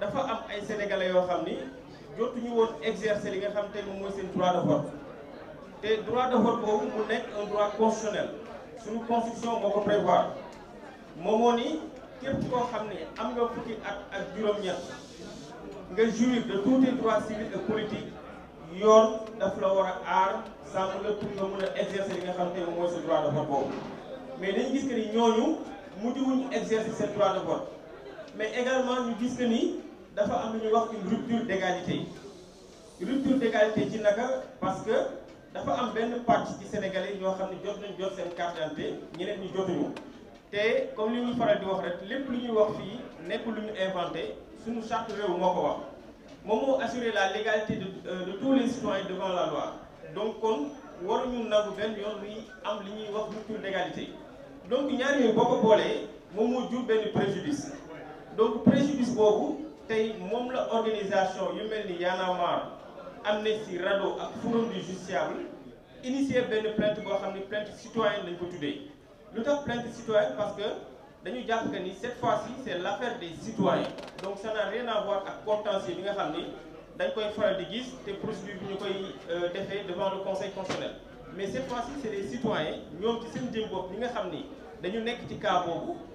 dafa am ay sénégalais yoo xam ni jotuñu woon exercer li nga xam te moom mooy seen droit de vote te droit de vote boobu mu nekk un droit constitutionnel suñu constitution moo ko prévoir moom ni képp koo xam ne am nga fukki at ak juróom-ñett nga jouir de tous tes droits civiques et politiques yoon daf la war a aar sàmm la pour nga mën a exercer li nga xam te moom mooy seen droit de vote boobu mais dañu gis que ni ñooñu mu wuñu exercer seen droit de vote. mais également nous disons que nous avons une rupture d'égalité rupture d'égalité parce que nous avons une partie des sénégalais qui jot carte d'identité Et comme nous assurer la légalité euh, de tous les citoyens devant la loi donc kon rupture d'égalité donc nous avons beaucoup de préjudice donc préjudice pour vous, c'est organisation Amnesty Rado, ak du initié une plainte pour plainte citoyenne lañ ko plainte citoyenne parce que que cette fois-ci c'est l'affaire des citoyens donc ça n'a rien à voir avec contentieux euh, devant le conseil constitutionnel mais cette fois-ci c'est les citoyens Nous ci seen Nous nga nous cas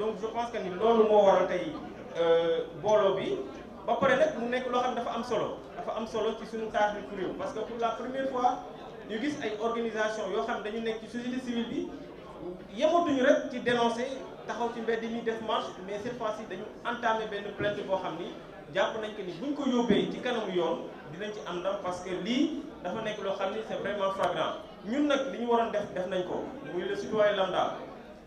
donc je pense que ni lolu mo waral tay euh bolo bi ba paré nak mu nek lo xamne dafa am solo dafa am solo ci suñu taax bi kuréel parce que pour la première fois ñu gis ay organisation yo xamne dañu nek ci société civile bi yamatuñu rek ci dénoncer taxaw ci mbedd yi def marche mais cette fois-ci dañu entamer benn plainte bo xamni japp nañ ko ni buñ ko yobé ci kanam yoon dinañ ci am ndam parce que li dafa nek lo xam c'est vraiment flagrant ñun nak liñu waron def def nañ ko muy le citoyen lambda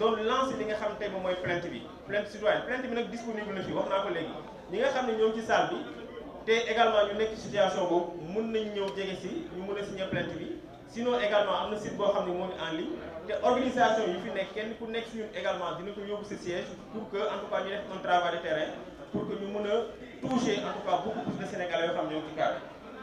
doon lancé li nga xam tey mooy plainte bi plainte citoyenne plainte bi nag disponible na fi wax naa ko léegi ñi nga xam ne ñoom ci salle bi te également ñu nekk situation boobu mun nañ ñëw jege si ñu mun a signer plainte bi sinon également am na site boo xam ne en ligne te organisation yi fi nekk kenn ku nekk si ñun également dina ko yóbbu sa siège pour que en tout cas ñu def un travail de terrain pour que ñu mën toucher en tout cas beaucoup plus de Sénégalais yoo xam ñoom ci kaar